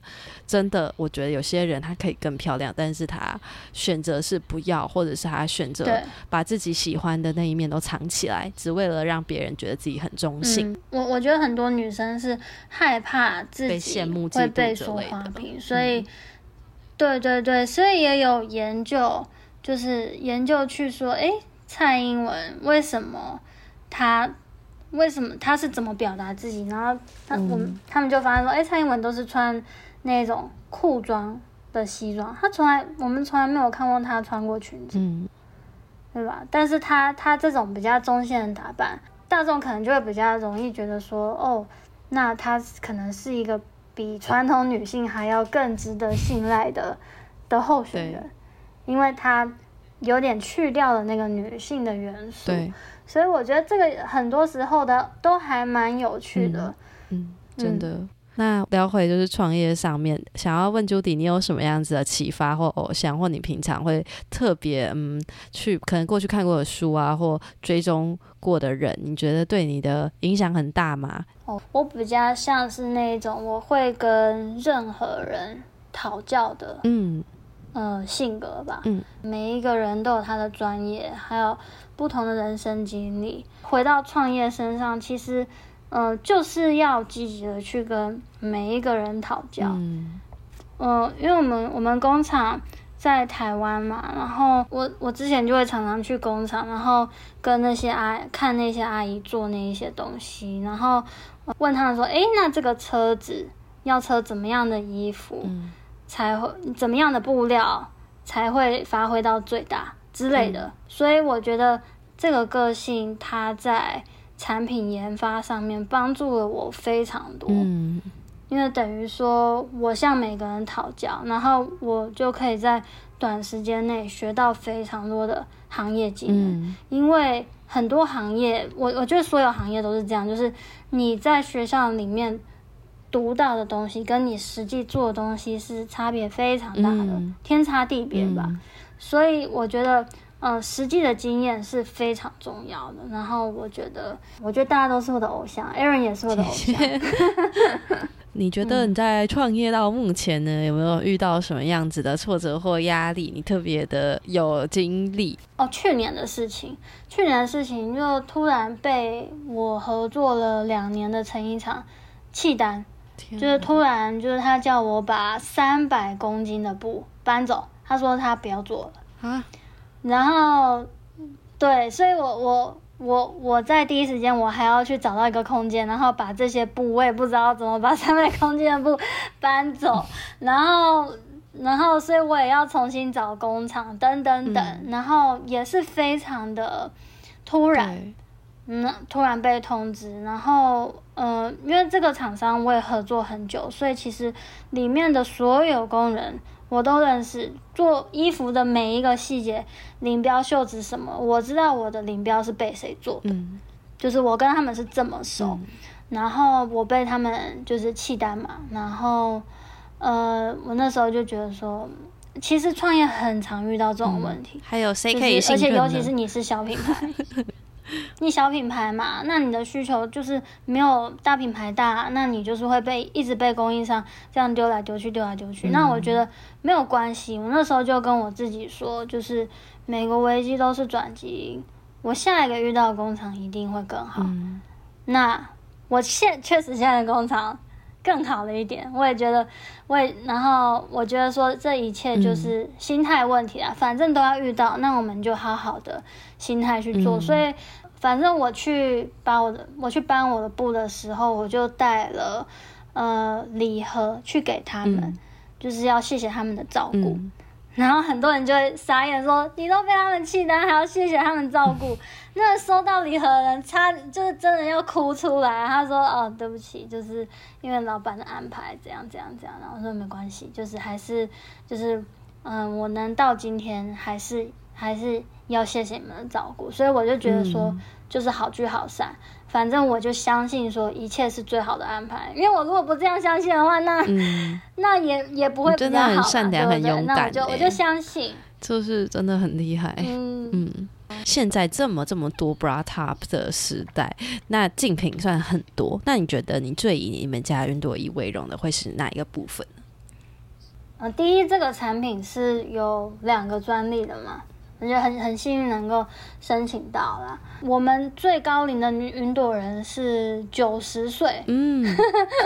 真的，我覺得有些人他可以更漂亮，但是他選擇是不要，或者是他選擇把自己喜歡的那一面都藏起來，對只為了讓別人覺得自己很中性。嗯、我我覺得很多女生是害怕自己會被說花瓶，所以、嗯。對對對，所以也有研究，就是研究去說，誒，蔡英文為什麼他為什麼她是怎麼表達自己？然後他我們他們就發現說，誒，蔡英文都是穿那種褲裝的西裝，他從來我們從來沒有看過他穿過裙子，嗯、對吧？但是他她，她這種比較中性的打扮，大眾可能就會比較容易覺得說，哦，那他可能是一個。比傳統女性還要更值得信賴的的候選人，對因為她有點去掉了那個女性的元素，對所以我覺得這個很多時候的都還蠻有趣的。嗯啊。嗯，真的。嗯那聊回就是創業上面，想要問 Judy，你有什麼樣子的啟發或偶像，或你平常會特別嗯去可能過去看過的書啊，或追蹤過的人，你覺得對你的影響很大嗎？哦，我比較像是那種，我會跟任何人討教的，嗯，呃，性格吧。嗯，每一個人都有他的專業，還有不同的人生經歷。回到創業身上，其實。嗯、呃，就是要積極的去跟每一個人討教。嗯、呃，因為我們我們工廠在台灣嘛，然後我我之前就會常常去工廠，然後跟那些阿看那些阿姨做那一些東西，然後問他們說：“誒、欸，那這個車子要車怎麼樣的衣服，才會、嗯、怎麼樣的布料才會發揮到最大之類的。嗯”所以我覺得這個個性它在產品研發上面幫助了我非常多，嗯，因為等於說我向每個人討教，然後我就可以在短時間內學到非常多的行業技能。嗯，因為很多行業，我我覺得所有行業都是這樣，就是你在學校裡面讀到的東西跟你實際做的東西是差別非常大的，嗯，天差地別吧。嗯，嗯，所以我覺得。嗯、呃、實際的經驗是非常重要的。然後我覺得，我覺得大家都是我的偶像，Aaron 也是我的偶像。姐姐 你覺得你在創業到目前呢，嗯、有沒有遇到什麼樣子的挫折或壓力？你特別的有經歷？哦，去年的事情，去年的事情就突然被我合作了兩年的成衣廠，棄單。天哪。就是突然就是他叫我把三百公斤的布搬走，他說他不要做了啊。然後，對，所以我，我我我我在第一時間，我還要去找到一個空間，然後把這些布，我也不知道怎麼把上面空間的布搬走， 然後，然後，所以我也要重新找工廠，等等等，嗯、然後也是非常的突然，對嗯，突然被通知，然後，嗯、呃，因為這個廠商我也合作很久，所以其實裡面的所有工人。我都認識做衣服的每一個細節，領標袖子什麼，我知道我的領標是被誰做的，嗯、就是我跟他們是這麼熟，嗯、然後我被他們就是棄單嘛，然後呃，我那時候就覺得說，其實創業很常遇到這種問題，嗯、還有誰可以，而且尤其是你是小品牌。 你小品牌嘛，那你的需求就是沒有大品牌大，那你就是會被一直被供應商這樣丟來丟去，去，丟來丟去。那我覺得沒有關係，我那時候就跟我自己說，就是每個危機都是轉機，我下一個遇到的工廠一定會更好。嗯。那我現確實現在工廠。更好了一點，我也覺得，我也，然後我覺得說，這一切就是心態問題啊，嗯、反正都要遇到，那我們就好好的心態去做。嗯、所以，反正我去把我的，我去搬我的布的時候，我就帶了呃禮盒去給他們，嗯、就是要謝謝他們的照顧。嗯然後很多人就會傻眼說，說你都被他們棄單，還要謝謝他們照顧。那收到禮盒的人，差，就是真的要哭出來。他說：“哦，對不起，就是因為老板的安排，這樣這樣這樣。這樣”然後說沒關係，就是還是就是嗯，我能到今天，還是還是要謝謝你們的照顧。所以我就覺得說，嗯、就是好聚好散。反正我就相信說一切是最好的安排，因為我如果不這樣相信的話，那、嗯、那也也不會。真的很善良，對對很勇敢，我就、欸、我就相信。就是真的很厲害。嗯嗯，現在這麼這麼多 bra top 的時代，那競品算很多。那你覺得你最以你們家雲朵衣為榮的會是哪一個部分？呃，第一，這個產品是有兩個專利的嘛？我覺得很很幸運能夠申請到了。我們最高齡的雲朵人是九十歲，嗯，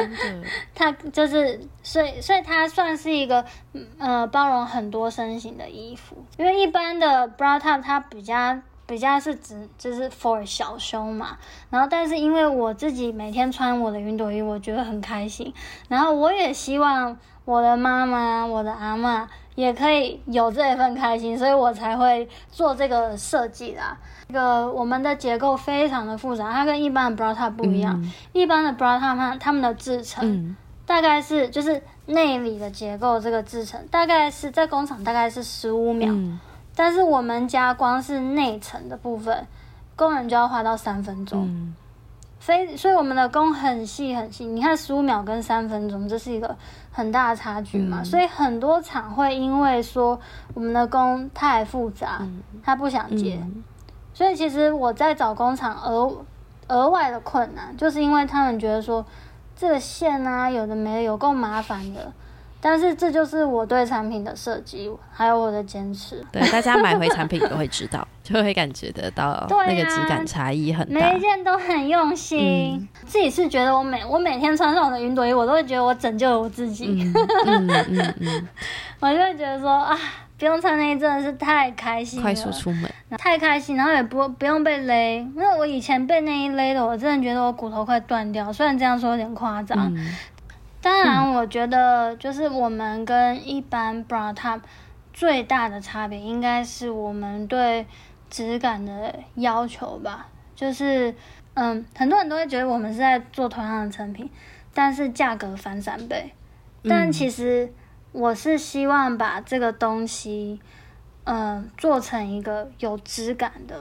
他就是，所以所以他算是一個呃包容很多身形的衣服，因為一般的 bra top 他比較比較是指就是 for 小胸嘛，然後但是因為我自己每天穿我的雲朵衣，我覺得很開心，然後我也希望我的媽媽、我的阿嬤，也可以有這一份開心，所以我才會做這個設計的、啊。這個我們的結構非常的複雜，它跟一般的 bra top 不一樣。嗯、一般的 bra top 它它們的製程，嗯、大概是就是內裡的結構，這個製程大概是在工廠大概是十五秒，嗯、但是我們家光是內層的部分，工人就要花到三分鐘。嗯所以，所以我們的工很細很細，你看十五秒跟三分鐘，這是一個很大的差距嘛。所以很多廠會因為說我們的工太複雜，他不想接。所以其實我在找工廠，額額外的困難，就是因為他們覺得說這個線啊，有的沒有夠麻煩的。但是這就是我對產品的設計，還有我的堅持。對，大家買回產品都會知道， 就會感覺得到那個質感差異很大，啊。每一件都很用心，嗯、自己是覺得我每我每天穿上我的雲朵衣，我都會覺得我拯救了我自己。 嗯嗯嗯嗯、我就會覺得說啊，不用穿內衣真的是太開心了，快速出門太開心，然後也不不用被勒，因為我以前被內衣勒的，我真的覺得我骨頭快斷掉，雖然這樣說有點誇張。嗯當然，我覺得就是我們跟一般 bra top 最大的差別，應該是我們對質感的要求吧。就是，嗯，很多人都會覺得我們是在做同樣的產品，但是價格翻三倍。嗯、但其實我是希望把這個東西，嗯，做成一個有質感的。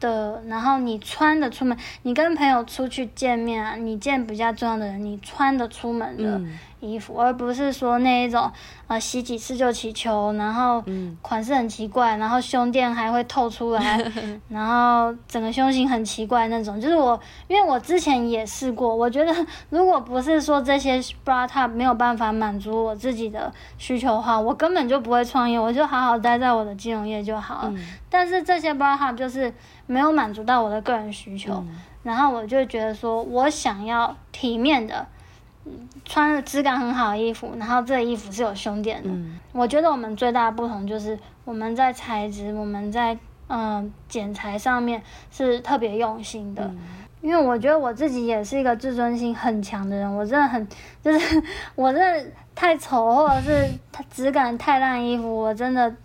的，然後你穿的出門，你跟朋友出去見面啊，你見比較重要的人，你穿的出門的衣服，嗯、而不是說那一種，呃，洗幾次就起球，然後款式很奇怪，嗯、然後胸墊還會透出來， 然後整個胸型很奇怪那種。就是我，因為我之前也試過，我覺得如果不是說這些 bra top 沒有辦法滿足我自己的需求的話，我根本就不會創業，我就好好待在我的金融業就好了。嗯、但是這些 bra top 就是。沒有滿足到我的個人需求，嗯、然後我就覺得說，我想要體面的，穿的質感很好的衣服，然後這衣服是有胸墊的。嗯、我覺得我們最大的不同就是我們在材質，我們在嗯、呃、剪裁上面是特別用心的，嗯、因為我覺得我自己也是一個自尊心很強的人，我真的很就是我這太醜，或者是它質感太爛，衣服我真的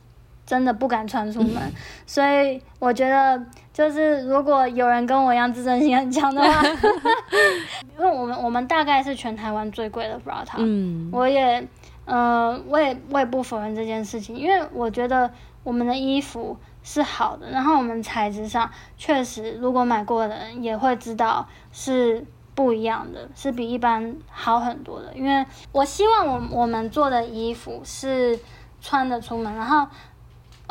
真的不敢穿出門，嗯、所以我覺得。就是如果有人跟我一樣自尊心很強的話， 因為我們我們大概是全台灣最貴的 bra top，嗯我、呃，我也呃我也我也不否認這件事情，因為我覺得我們的衣服是好的，然後我們材質上確實如果買過的人也會知道是不一樣的，是比一般好很多的，因為我希望我們我們做的衣服是穿得出門，然後。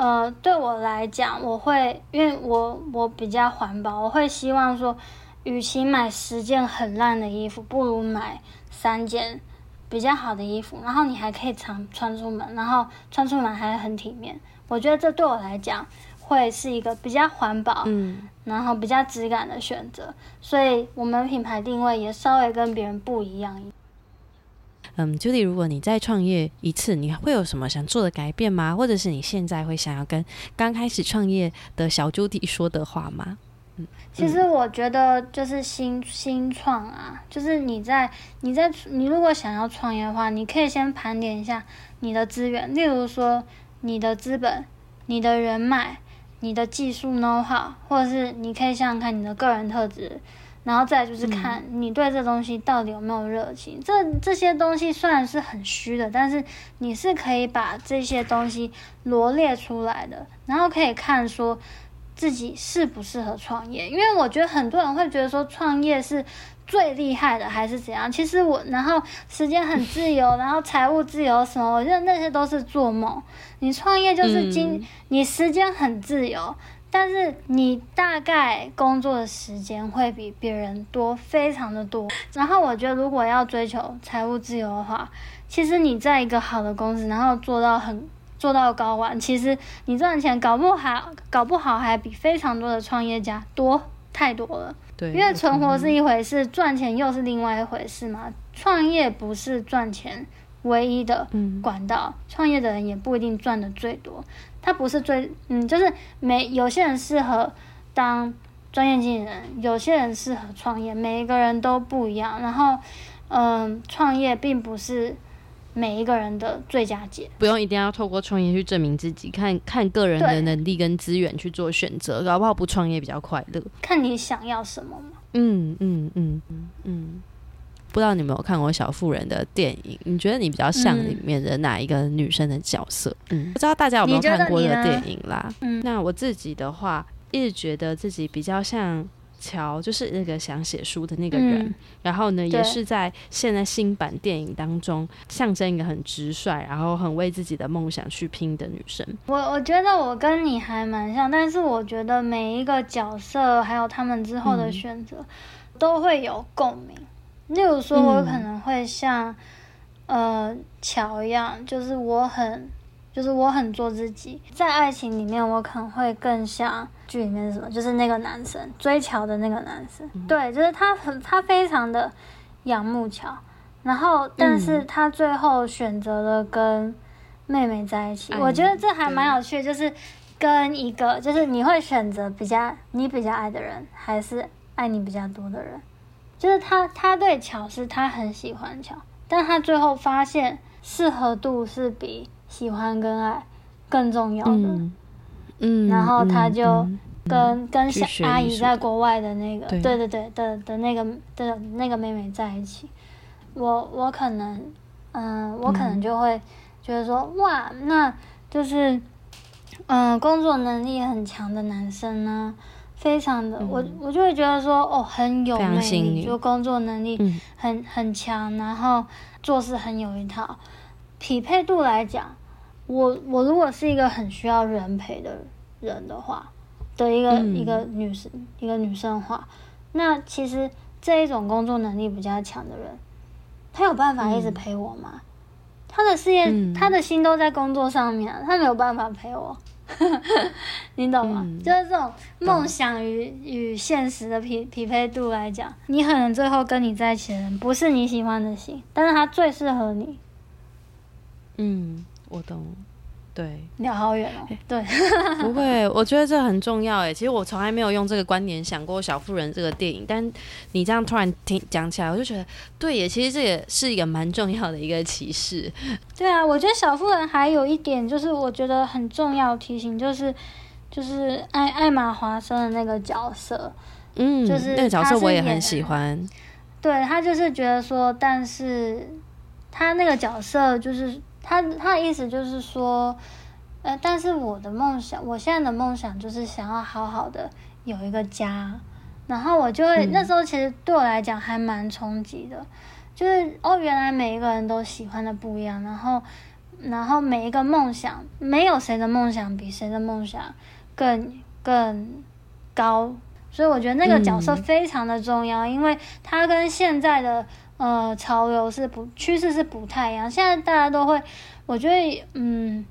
呃，對我來講，我會，因為我我比較環保，我會希望說，與其買十件很爛的衣服，不如買三件比較好的衣服，然後你還可以常穿出門，然後穿出門還很體面。我覺得這對我來講會是一個比較環保，嗯，然後比較質感的選擇。所以，我們品牌定位也稍微跟別人不一樣。嗯，Judy，如果你再創業一次，你會有什麼想做的改變嗎？或者是你現在會想要跟剛開始創業的小 Judy 說的話嗎？嗯，其實我覺得就是新新創啊，就是你在你在你如果想要創業的話，你可以先盤點一下你的資源，例如說你的資本、你的人脈、你的技術 know-how，或者是你可以想想看你的個人特質。然後再就是看你對這東西到底有沒有熱情，嗯、這這些東西雖然是很虛的，但是你是可以把這些東西羅列出來的，然後可以看說自己適不適合創業。因為我覺得很多人會覺得說創業是最厲害的，還是怎樣？其實我然後時間很自由， 然後財務自由什麼，我覺得那些都是做夢。你創業就是經、嗯、你時間很自由。但是你大概工作的時間會比別人多，非常的多。然後我覺得，如果要追求財務自由的話，其實你在一個好的公司，然後做到很做到高管，其實你賺錢搞不好，搞不好還比非常多的創業家多太多了。對，因為存活是一回事，賺錢又是另外一回事嘛。創業不是賺錢唯一的管道，創業的人也不一定賺得最多。他不是最嗯，就是沒有些人適合當專業經理人，有些人適合創業，每一個人都不一樣。然後，嗯、呃，創業並不是每一個人的最佳解。不用一定要透過創業去證明自己，看看個人的能力跟資源去做選擇，對搞不好不創業比較快樂。看你想要什麼。嗯嗯嗯嗯嗯。嗯嗯嗯不知道你有沒有看過《小婦人》的電影？你覺得你比較像裡面的哪一個女生的角色？嗯，不知道大家有沒有看過這個電影啦？嗯，那我自己的話，一直覺得自己比較像喬，就是那個想寫書的那個人。嗯、然後呢，對也是在現在新版電影當中，象徵一個很直率，然後很為自己的夢想去拼的女生。我我覺得我跟你還蠻像，但是我覺得每一個角色還有他們之後的選擇，嗯、都會有共鳴。例如說，我可能會像，嗯、呃，喬一樣，就是我很，就是我很做自己。在愛情裡面，我可能會更像劇裡面是什麼？就是那個男生追喬的那個男生，對，就是他很，他非常的仰慕喬，然後，但是他最後選擇了跟妹妹在一起。嗯、我覺得這還蠻有趣的，對就是跟一個，就是你會選擇比較你比較愛的人，還是愛你比較多的人？就是他，他對喬是他很喜歡喬，但他最後發現適合度是比喜歡跟愛更重要的。嗯，嗯然後他就跟，嗯嗯、跟小阿姨在國外的那個，對，對對對的的那個的那個妹妹在一起。我我可能，嗯、呃，我可能就會覺得說，嗯、哇，那就是，嗯、呃，工作能力很強的男生呢。非常的，嗯、我我就會覺得說，哦，很有魅力，就工作能力很、嗯、很強，然後做事很有一套。匹配度來講，我我如果是一個很需要人陪的人的話，的一個、嗯、一個女生一個女生的話，那其實這一種工作能力比較強的人，他有辦法一直陪我嗎？嗯、他的事業，嗯、他的心都在工作上面，啊，他沒有辦法陪我。 你懂嗎？嗯、就是這種夢想與與懂現實的匹匹配度來講，你可能最後跟你在一起的人不是你喜歡的型，但是他最適合你。嗯，我懂。對，你好,好遠了、哦。對，不會，我覺得這很重要哎。其實我從來沒有用這個觀點想過《小婦人》這個電影，但你這樣突然聽講起來，我就覺得對耶。其實這也是一個蠻重要的一個啟示。對啊，我覺得《小婦人》還有一點就是我覺得很重要的提醒、就是，就是就是愛愛瑪·華生的那個角色，嗯，就是,是那個角色我也很喜歡。對，他就是覺得說，但是他那個角色就是。他他的意思就是說，呃，但是我的夢想，我現在的夢想就是想要好好的有一個家，然後我就會、嗯、那時候其實對我來講還蠻衝擊的，就是哦，原來每一個人都喜歡的不一樣，然後然後每一個夢想，沒有誰的夢想比誰的夢想更更高，所以我覺得那個角色非常的重要，嗯、因為他跟現在的。呃，潮流是不趨勢是不太一樣。現在大家都會，我覺得，嗯，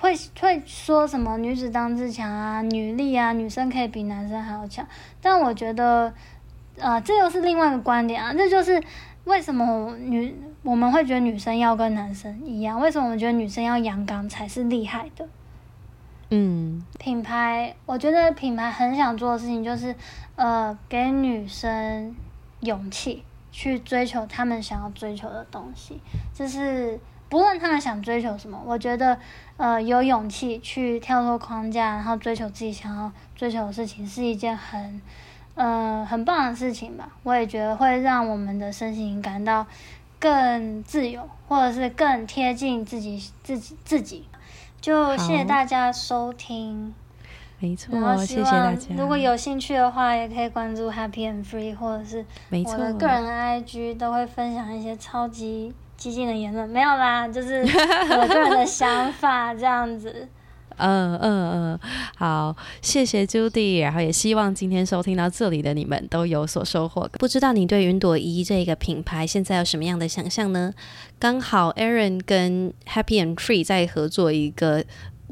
會會說什麼女子當自強啊，女力啊，女生可以比男生還要強。但我覺得，呃，這又是另外一個觀點啊。這就是為什麼女我們會覺得女生要跟男生一樣，為什麼我們覺得女生要陽剛才是厲害的？嗯，品牌，我覺得品牌很想做的事情就是，呃，給女生勇氣。去追求他們想要追求的東西，就是不論他們想追求什麼，我覺得，呃，有勇氣去跳脫框架，然後追求自己想要追求的事情，是一件很，呃，很棒的事情吧。我也覺得會讓我們的身心感到更自由，或者是更貼近自己自己自己。就謝謝大家收聽。沒錯，希望謝謝大家。如果有興趣的話，也可以關注 Happy and Free，或者是我的個人的 IG，都會分享一些超級激進的言論。沒錯，沒有啦，就是我個人的想法這樣子。 嗯嗯嗯，好，謝謝 Judy。然後也希望今天收聽到這裡的你們都有所收穫。不知道你對雲朵衣這個品牌現在有什麼樣的想象呢？剛好 Aaron 跟 Happy and Free 在合作一個，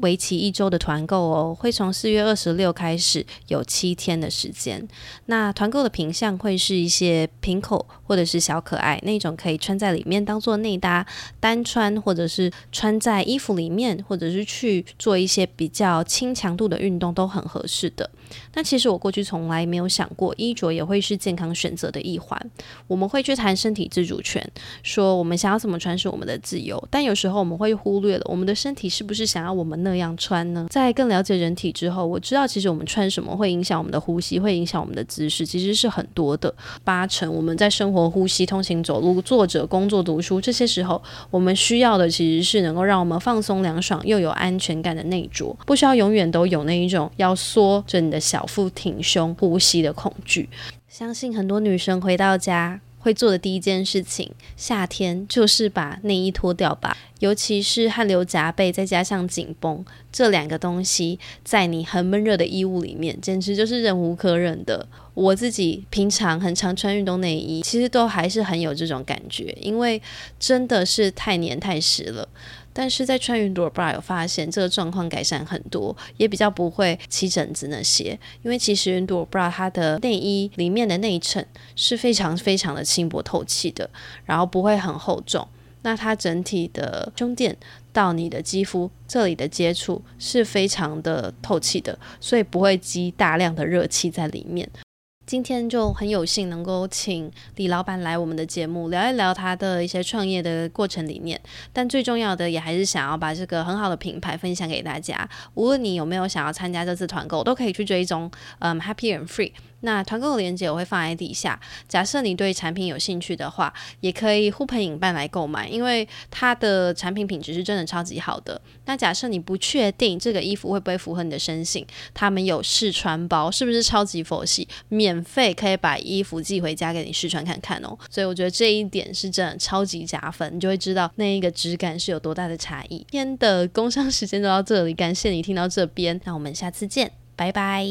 為期一周的團購哦，會從四月二十六開始，有七天的時間。那團購的品項會是一些平口或者是小可愛那種，可以穿在裡面當做內搭、單穿，或者是穿在衣服裡面，或者是去做一些比較輕強度的運動都很合適的。那其實我過去從來沒有想過，衣着也會是健康選擇的一環。我們會去談身體自主權，說我們想要怎麼穿是我們的自由，但有時候我們會忽略了我們的身體是不是想要我們的。那樣穿呢？嗯、在更了解人體之後，我知道其實我們穿什麼會影響我們的呼吸，會影響我們的姿勢，其實是很多的。八成我們在生活、呼吸、通行、走路、坐着、工作、讀書這些時候，我們需要的其實是能夠讓我們放鬆、涼爽又有安全感的內着，不需要永遠都有那一種要縮着你的小腹、挺胸、呼吸的恐懼。相信很多女生回到家。會做的第一件事情，夏天就是把內衣脫掉吧，尤其是汗流浹背，再加上緊繃這兩個東西，在你很悶熱的衣物裡面，簡直就是忍無可忍的。我自己平常很常穿運動內衣，其實都還是很有這種感覺，因為真的是太黏太濕了。但是在穿雲朵 bra 有發現這個狀況改善很多，也比較不會起疹子那些。因為其實雲朵 bra 它的內衣裡面的內襯是非常非常的輕薄透氣的，然後不會很厚重。那它整體的胸墊到你的肌膚這裡的接觸是非常的透氣的，所以不會積大量的熱氣在裡面。今天就很有幸能夠請李老闆來我們的節目聊一聊他的一些創業的過程理念，但最重要的也還是想要把這個很好的品牌分享給大家。無論你有沒有想要參加這次團購，都可以去追蹤，嗯，Happy and Free。那團購的鏈接我會放在底下。假設你對產品有興趣的話，也可以呼朋引伴來購買，因為它的產品品質是真的超級好的。那假設你不確定這個衣服會不會符合你的身形，他們有試穿包，是不是超級佛系？免費可以把衣服寄回家給你試穿看看哦。所以我覺得這一點是真的超級加分，你就會知道那一個質感是有多大的差異。今天的工商時間就到這裡，感謝你聽到這邊，那我們下次見，拜拜。